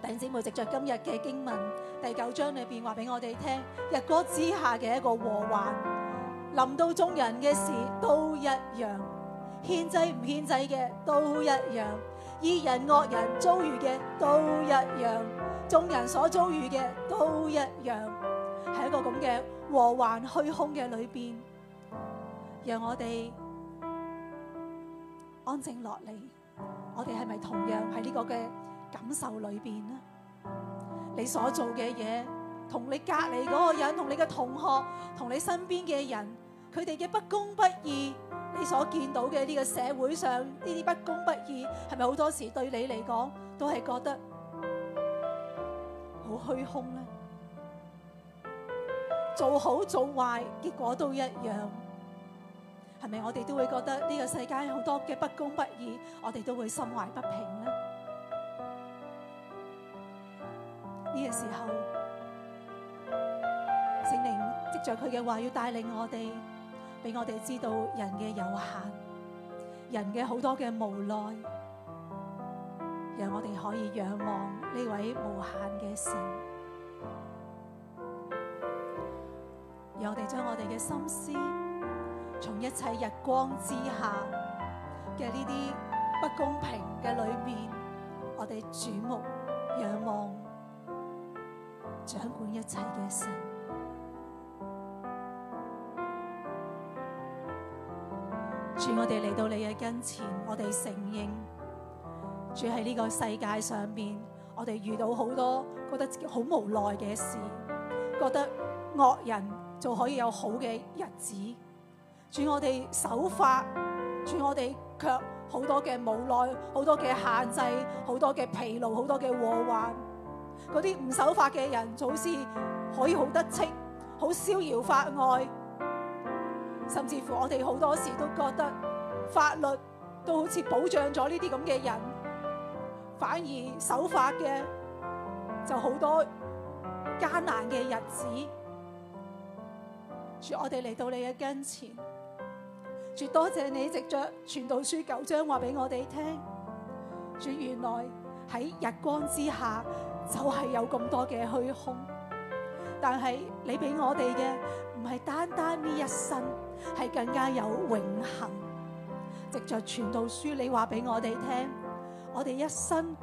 弟兄姊妹，藉着今日嘅經文第九章裏邊話俾我哋聽，日光之下嘅一個禍患，臨到眾人嘅事都一樣，獻祭唔獻祭嘅都一樣，義人惡人遭遇嘅都一樣。眾人所遭遇嘅都一樣，喺一個咁嘅和幻虛空嘅裏邊，讓我哋安靜落嚟。我哋係咪同樣喺呢個嘅感受裏邊呢？你所做嘅嘢，同你隔籬嗰個人，同你嘅同學，同你身邊嘅人，佢哋嘅不公不義，你所見到嘅呢個社會上呢啲不公不義，係咪好多時對你嚟講都係覺得？好虛空咧，做好做壞，結果都一樣，係咪？我哋都會覺得呢個世界好多嘅不公不義，我哋都會心懷不平呢。呢、呢個時候，聖靈藉着佢嘅話，要帶領我哋，俾我哋知道人嘅有限，人嘅好多嘅無奈。讓我哋可以仰望呢位無限嘅神，讓我哋將我哋嘅心思從一切日光之下嘅呢啲不公平嘅裏面，我哋矚目仰望掌管一切嘅神。主，我哋嚟到你嘅跟前，我哋承認。住喺呢個世界上邊，我哋遇到好多覺得自己好無奈嘅事，覺得惡人就可以有好嘅日子，住我哋守法，住我哋卻好多嘅無奈，好多嘅限制，好多嘅疲勞，好多嘅禍患。嗰啲唔守法嘅人，就好似可以好得戚，好逍遙法外。甚至乎我哋好多時都覺得法律都好似保障咗呢啲咁嘅人，反而守法嘅就好多艱難嘅日子，主，我哋嚟到你嘅跟前，主，多謝你藉著傳道書九章話俾我哋聽，主，原來喺日光之下就係有咁多嘅虛空，但係你俾我哋嘅唔係單單呢一生，係更加有永恆。藉著傳道書你話俾我哋聽。我哋一生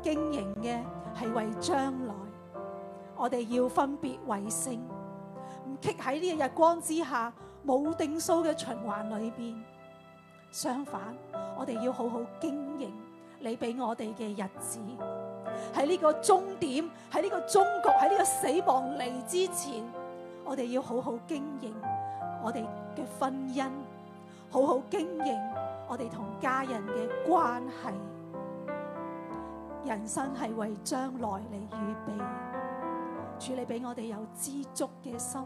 經營嘅係為將來，我哋要分別為聖，唔棘喺呢個日光之下冇定數嘅循環裏邊。相反，我哋要好好經營你俾我哋嘅日子，喺呢個終點，喺呢個終局，喺呢個死亡嚟之前，我哋要好好經營我哋嘅婚姻，好好經營我哋同家人嘅關係。人生係為將來嚟預備，處理俾我哋有知足嘅心、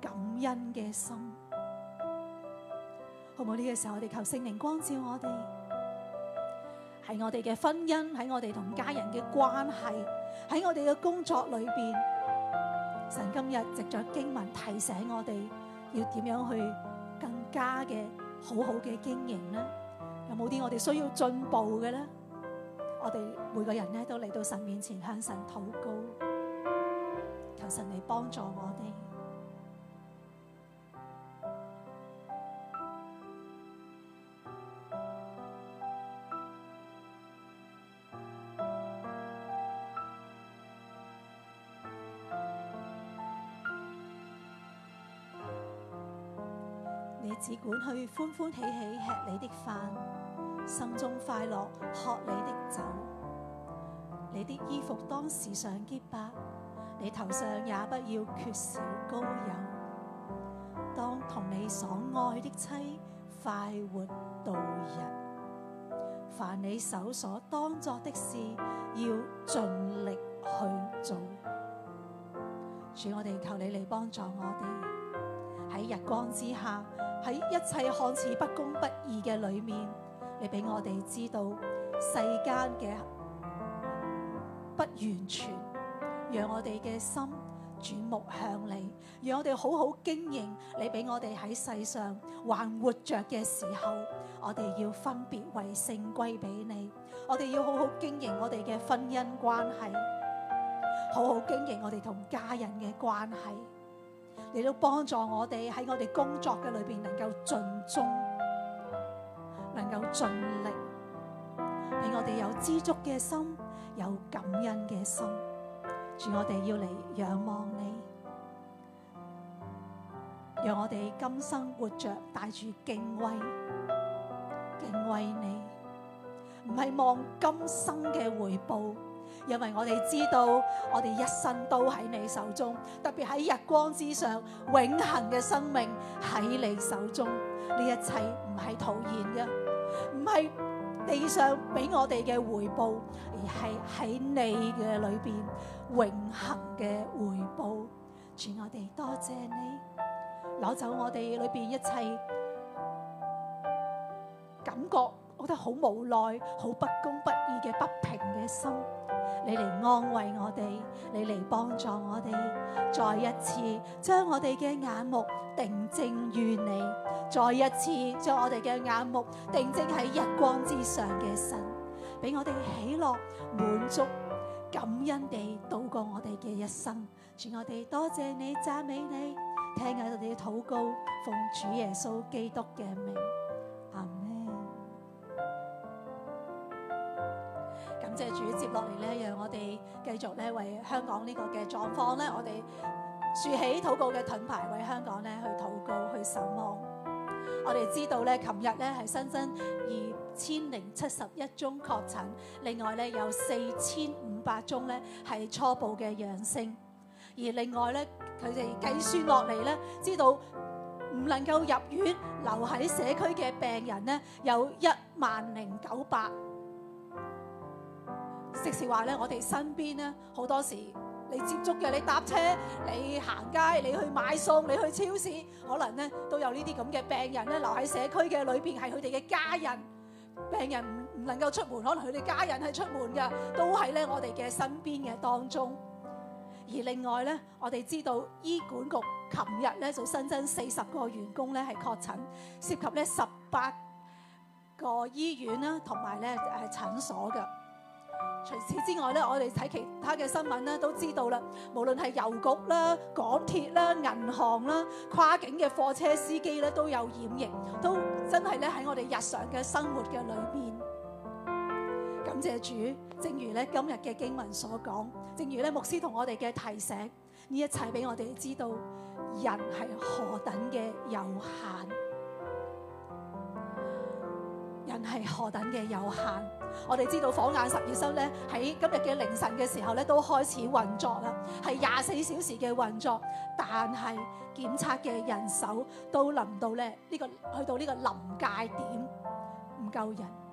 感恩嘅心，好唔好？呢個時候我哋求聖靈光照我哋，喺我哋嘅婚姻，喺我哋同家人嘅關係，喺我哋嘅工作裏邊，神今日藉着經文提醒我哋，要點樣去更加嘅好好嘅經營咧？有冇啲我哋需要進步嘅咧？我哋每個人咧，都嚟到神面前向神禱告，求神嚟幫助我哋。你只管去歡歡喜喜吃你的飯。心中快樂，喝你的酒，你的衣服當時常潔白，你頭上也不要缺少膏油，當同你所愛的妻快活度日。凡你手所當作的事，要盡力去做。主，我哋求你嚟幫助我哋喺日光之下，喺一切看似不公不義嘅裏面。你俾我哋知道世間嘅不完全，讓我哋嘅心轉目向你，讓我哋好好經營。你俾我哋喺世上還活着嘅時候，我哋要分別為聖歸俾你。我哋要好好經營我哋嘅婚姻關係，好好經營我哋同家人嘅關係，你都幫助我哋喺我哋工作嘅裏邊能夠盡忠。能夠盡力，俾我哋有知足嘅心，有感恩嘅心。主，我哋要嚟仰望你，讓我哋今生活着帶住敬畏，敬畏你。唔係望今生嘅回報，因為我哋知道我哋一生都喺你手中。特別喺日光之上，永恒嘅生命喺你手中。呢一切唔係討厭嘅。唔係地上俾我哋嘅回報，而係喺你嘅裏邊永恒嘅回報。主，我哋多謝你攞走我哋裏邊一切感覺，我覺得好無奈、好不公不義嘅不平嘅心。你嚟安慰我哋，你嚟幫助我哋，再一次將我哋嘅眼目定睛於你，再一次將我哋嘅眼目定睛喺日光之上嘅神，俾我哋喜樂、滿足、感恩地度過我哋嘅一生。主，我哋多謝你，讚美你，聽下我哋嘅禱告，奉主耶穌基督嘅名。借主接落嚟咧，讓我哋繼續咧為香港呢個嘅狀況咧，嗯、我哋豎起禱告嘅盾牌，為香港咧去禱告、去守望。我哋知道咧，琴日咧係新增二千零七十一宗確診，另外咧有四千五百宗咧係初步嘅陽性，而另外咧佢哋計算落嚟咧，知道唔能夠入院留喺社區嘅病人咧有一萬零九百，即是話咧，我哋身邊咧好多時，你接觸嘅，你搭車、你行街、你去買餸、你去超市，可能咧都有呢啲咁嘅病人咧留喺社區嘅裏邊，係佢哋嘅家人。病人唔唔能夠出門，可能佢哋家人係出門嘅，都係咧我哋嘅身邊嘅當中。而另外咧，我哋知道醫管局琴日咧就新增四十個員工咧係確診，涉及咧十八個醫院啦，同埋咧係診所嘅。除此之外咧，我哋睇其他嘅新聞咧，都知道啦。無論係郵局啦、港鐵啦、銀行啦、跨境嘅貨車司機咧，都有染疫，都真係咧喺我哋日常嘅生活嘅裏邊。感謝主，正如咧今日嘅經文所講，正如咧牧師同我哋嘅提醒，呢一切俾我哋知道，人係何等嘅有限，人係何等嘅有限。我哋知道火眼十二針咧，喺今日嘅凌晨嘅時候咧，都開始運作啦，係廿四小時嘅運作，但係檢測嘅人手都臨到咧、這、呢個去到呢個臨界點，唔夠人，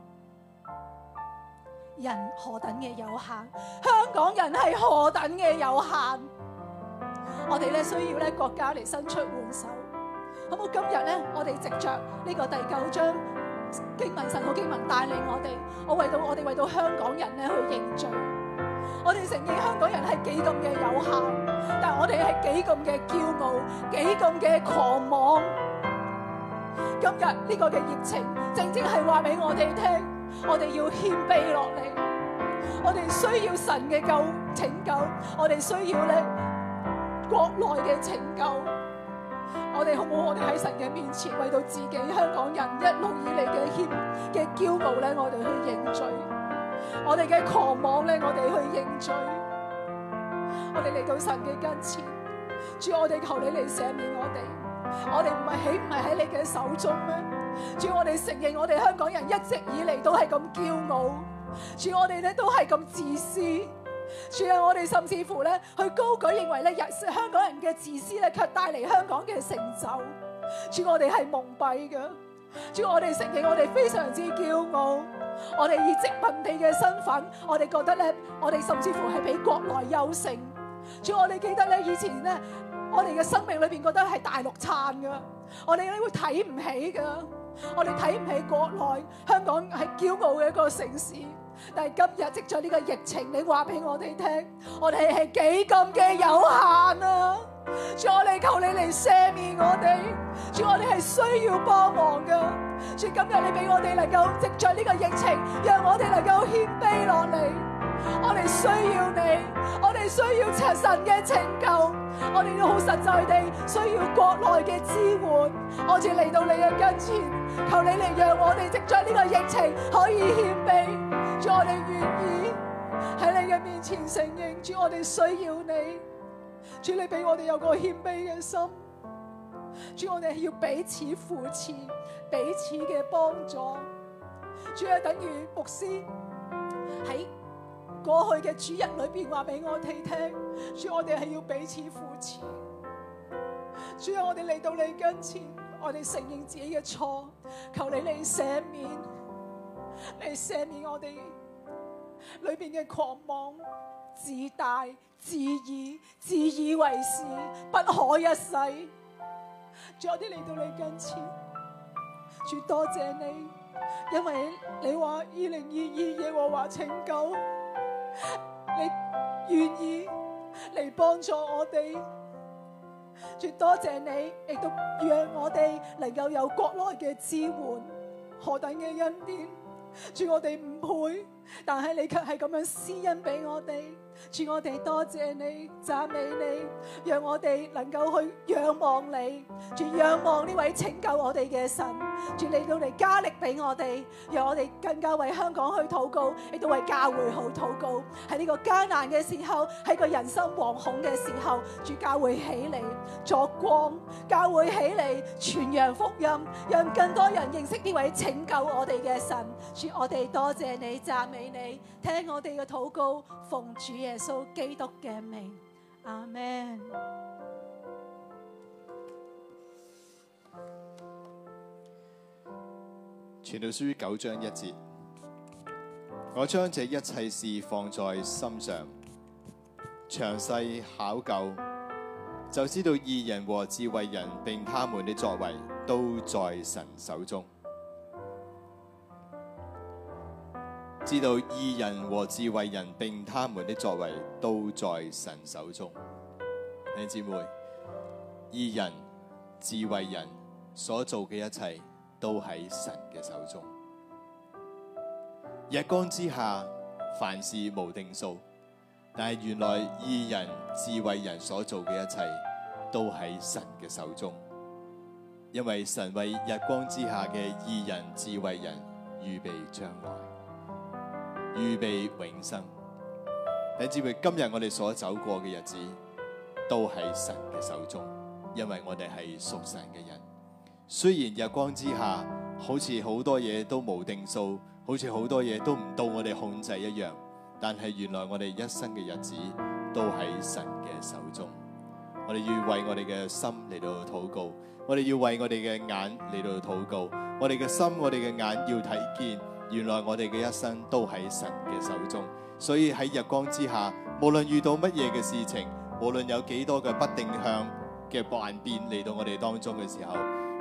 人何等嘅有限，香港人係何等嘅有限，我哋咧需要咧國家嚟，伸出援手，好冇？今日咧，我哋藉著呢個第九章。經文神好，經文帶領我哋，我為到我哋為到香港人咧去認罪，我哋承認香港人係幾咁嘅有限，但係我哋係幾咁嘅驕傲，幾咁嘅狂妄。今日呢個嘅疫情，正正係話俾我哋聽，我哋要謙卑落嚟，我哋需要神嘅救拯救，我哋需要咧國內嘅拯救。我哋好冇，我哋喺神嘅面前為到自己香港人一路以嚟嘅欠嘅驕傲咧，我哋去認罪，我哋嘅狂妄咧，我哋去認罪，我哋嚟到神嘅跟前，主，我哋求你嚟赦免我哋，我哋唔係豈唔係喺你嘅手中咩？主，我哋承認我哋香港人一直以嚟都係咁驕傲，主，我哋咧都係咁自私。主要我哋甚至乎咧，去高舉認為咧，香港人嘅自私咧，卻帶嚟香港嘅成就。主要我哋係蒙蔽嘅，主要我哋承認我哋非常之驕傲，我哋以殖民地嘅身份，我哋覺得咧，我哋甚至乎係比國內優勝。主要我哋記得咧，以前咧，我哋嘅生命裏邊覺得係大陸差嘅，我哋咧會睇唔起嘅，我哋睇唔起國內香港係驕傲嘅一個城市。但係今日積在呢個疫情，你話俾我哋聽，我哋係幾咁嘅有限啊！主我哋求你嚟赦免我哋，主我哋係需要幫忙噶。主今日你俾我哋能夠積在呢個疫情，讓我哋能夠謙卑落嚟。我哋需要你，我哋需要求神嘅拯救，我哋都好實在地需要國內嘅支援。我似嚟到你嘅跟前，求你嚟讓我哋積在呢個疫情可以謙卑。主我哋願意喺你嘅面前承認，主我哋需要你，主你俾我哋有個謙卑嘅心，主我哋係要彼此扶持，彼此嘅幫助。主啊，等于牧師喺過去嘅主日裏邊話俾我哋聽，主我哋係要彼此扶持。主啊，我哋嚟到你跟前，我哋承認自己嘅錯，求你嚟赦免。嚟赦免我哋裏邊嘅狂妄、自大、自以、自以為是、不可一世。仲有啲嚟到你近前，絕多謝你，因為你話二零二二耶和華拯救，你願意嚟幫助我哋，絕多謝你，亦都讓我哋能夠有國內嘅支援、何等嘅恩典。主我哋唔配，但係你卻係咁樣施恩俾我哋。主我哋多謝你讚美你，讓我哋能夠去仰望你，主仰望呢位拯救我哋嘅神，主你到嚟加力俾我哋，讓我哋更加為香港去禱告，亦都為教會好禱告。喺呢個艱難嘅時候，喺個人心惶恐嘅時候，主教會起嚟作光，教會起嚟傳揚福音，讓更多人認識呢位拯救我哋嘅神。主我哋多謝你讚美你，聽我哋嘅禱告，奉主。耶穌基督嘅名，阿門。傳道書九章一節，我將這一切事放在心上，詳細考究，就知道義人和智慧人並他們的作為都在神手中。知道義人和智慧人並他們的作為都在神手中。弟兄姊妹，義人、智慧人所做嘅一切都喺神嘅手中。日光之下，凡事無定數，但係原來義人、智慧人所做嘅一切都喺神嘅手中，因為神為日光之下嘅義人、智慧人預備將來。預備永生，弟兄姊妹，今日我哋所走過嘅日子，都喺神嘅手中，因為我哋係屬神嘅人。雖然日光之下，好似好多嘢都冇定數，好似好多嘢都唔到我哋控制一樣，但係原來我哋一生嘅日子，都喺神嘅手中。我哋要為我哋嘅心嚟到禱告，我哋要為我哋嘅眼嚟到禱告，我哋嘅心、我哋嘅眼要睇見。原來我哋嘅一生都喺神嘅手中，所以喺日光之下，無論遇到乜嘢嘅事情，無論有幾多嘅不定向嘅萬變嚟到我哋當中嘅時候，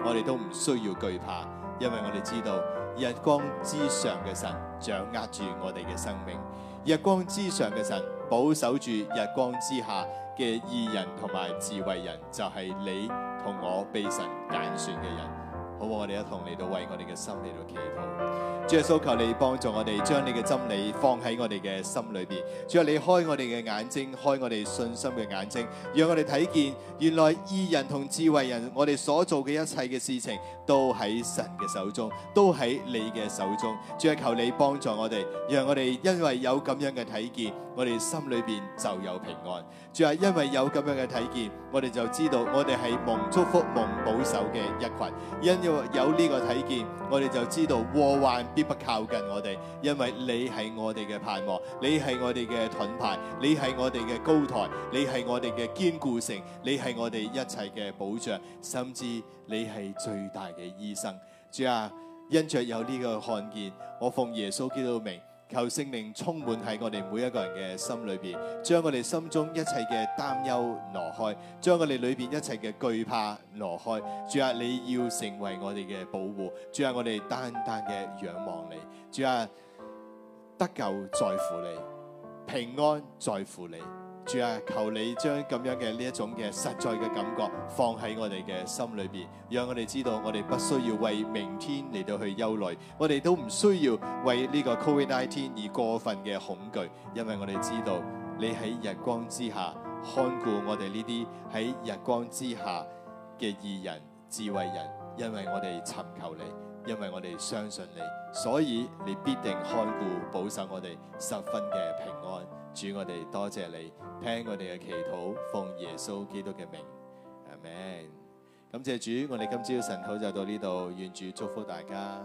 我哋都唔需要懼怕，因為我哋知道日光之上嘅神掌握住我哋嘅生命，日光之上嘅神保守住日光之下嘅義人同埋智慧人，就係、是、你同我被神揀選嘅人。好，我哋一同嚟到為我哋嘅心嚟到祈禱。主耶穌求你幫助我哋，將你嘅真理放喺我哋嘅心裏邊。主啊，你開我哋嘅眼睛，開我哋信心嘅眼睛，讓我哋睇見原來義人同智慧人，我哋所做嘅一切嘅事情，都喺神嘅手中，都喺你嘅手中。主啊，求你幫助我哋，讓我哋因為有咁樣嘅睇見，我哋心裏邊就有平安。主啊，因為有咁樣嘅睇見，我哋就知道我哋係蒙祝福、蒙保守嘅一群，因有。有呢個睇見，我哋就知道禍患必不靠近我哋，因為你係我哋嘅盼望，你係我哋嘅盾牌，你係我哋嘅高臺，你係我哋嘅堅固城，你係我哋一切嘅保障，甚至你係最大嘅醫生。主啊，因着有呢個看見，我奉耶穌基督嘅名。求聖靈充滿喺我哋每一個人嘅心裏邊，將我哋心中一切嘅擔憂挪開，將我哋裏邊一切嘅懼怕挪開。主啊，你要成為我哋嘅保護。主啊，我哋單單嘅仰望你。主啊，得救在乎你，平安在乎你。主啊，求你將咁樣嘅呢一種嘅實在嘅感覺放喺我哋嘅心裏邊，讓我哋知道我哋不需要為明天嚟到去憂慮，我哋都唔需要為呢個 COVID-19 而過分嘅恐懼，因為我哋知道你喺日光之下看顧我哋呢啲喺日光之下嘅義人智慧人，因為我哋尋求你，因為我哋相信你，所以你必定看顧保守我哋十分嘅平安。主，我哋多謝你聽我哋嘅祈禱，奉耶穌基督嘅名，Amen。感謝主，我哋今朝晨早就到呢度，願主祝福大家。